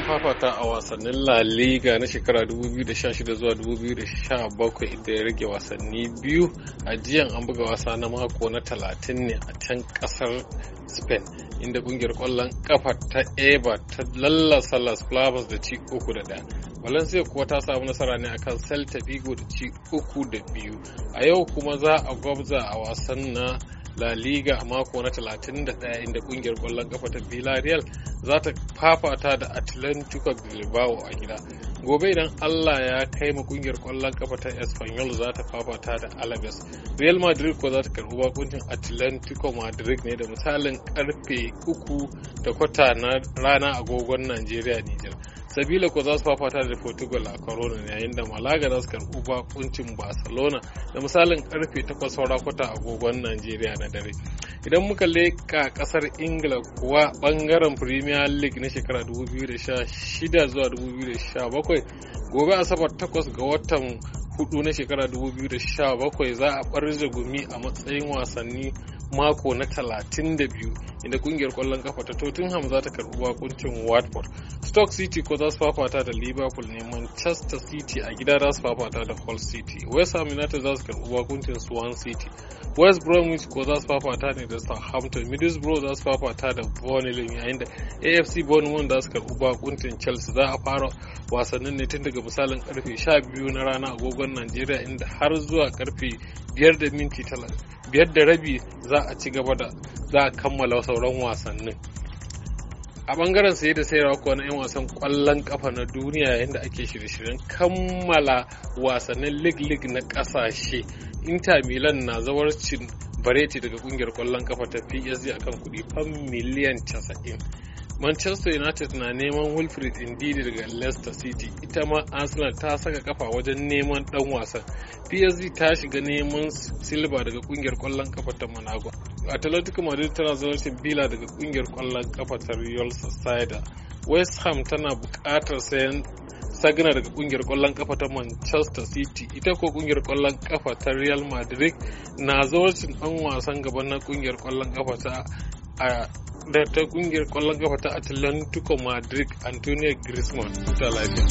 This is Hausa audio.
an fafata a wasannin La Liga na shekara 2016 zuwa 2017 inda ya rage wasanni biyu a jiyan an buga wasa na mako na 30 ne a can kasar Spain inda kungiyar kwallon kafa ta Eba ta lallasa Las Palmas da ci uku da daya. Valencia kuwa ta samu nasara ne akan Celta Vigo da ci uku da biyu. A yau kuma za a gwabza a wasan na La Liga a mako na 31 inda kungiyar kwallon kafa ta Villarreal za ta fafata da Atlantico Bilbao a gida. Gobe idan Allah ya kai mu kungiyar kwallon kafa ta Espanyol za ta fafata da Alaves. Real Madrid ko za ta karbi bakuncin Atlantico Madrid ne da misalin karfe uku da kwata na rana agogon Najeriya Nijar. sabila ko za su fafata da portugal a corona yayin da malaga za su karɓi bakuncin barcelona da misalin karfe 8 saura kwata agogon najeriya na dare idan muka leka kasar ingila kuwa bangaren premier league na shekara 2016 zuwa 2017 gobe asabar 8 ga watan hudu na shekara 2017 za a barzagumi gumi a matsayin wasanni mako na 32 inda kungiyar kwallon kafa ta Tottenham za ta karbi bakuncin Watford. Stoke City ko za su fafata da Liverpool ne Manchester City a gida za su fafata da Hull City. West Ham United za su karbi bakuncin Swan City. West Bromwich ko za su fafata ne da Southampton. Middlesbrough za su fafata da Burnley yayin da AFC Bournemouth za su karbi bakuncin Chelsea. Za a fara wasannin ne tun daga misalin karfe 12 na rana agogon Najeriya inda har zuwa karfe 5 da minti 30. biyar da rabi za a ci gaba da za a kammala sauran wasannin a bangaren saye da sayarwa kuwa na 'yan wasan kwallon kafa na duniya yayin da ake shirye-shiryen kammala wasannin lig-lig na kasashe inter milan na zawarcin bareti daga kungiyar kwallon kafa ta psg akan kudi fam miliyan 90 manchester united na neman wilfred indidi daga leicester city ita ma arsenal ta saka kafa wajen neman dan wasan psg ta shiga neman silva daga kungiyar kwallon kafa ta monaco atletico madrid tana zarafin bila daga kungiyar kwallon kafa ta real sociedad west ham tana bukatar sayan sagana daga kungiyar kwallon kafa ta manchester city ita ko kungiyar kwallon kafa ta real madrid na zarafin dan wasan gaban na kungiyar kwallon kafa ta a da ta kungiyar kwallon kafa ta Atlantico Madrid Antonio Griezmann ta lafiya.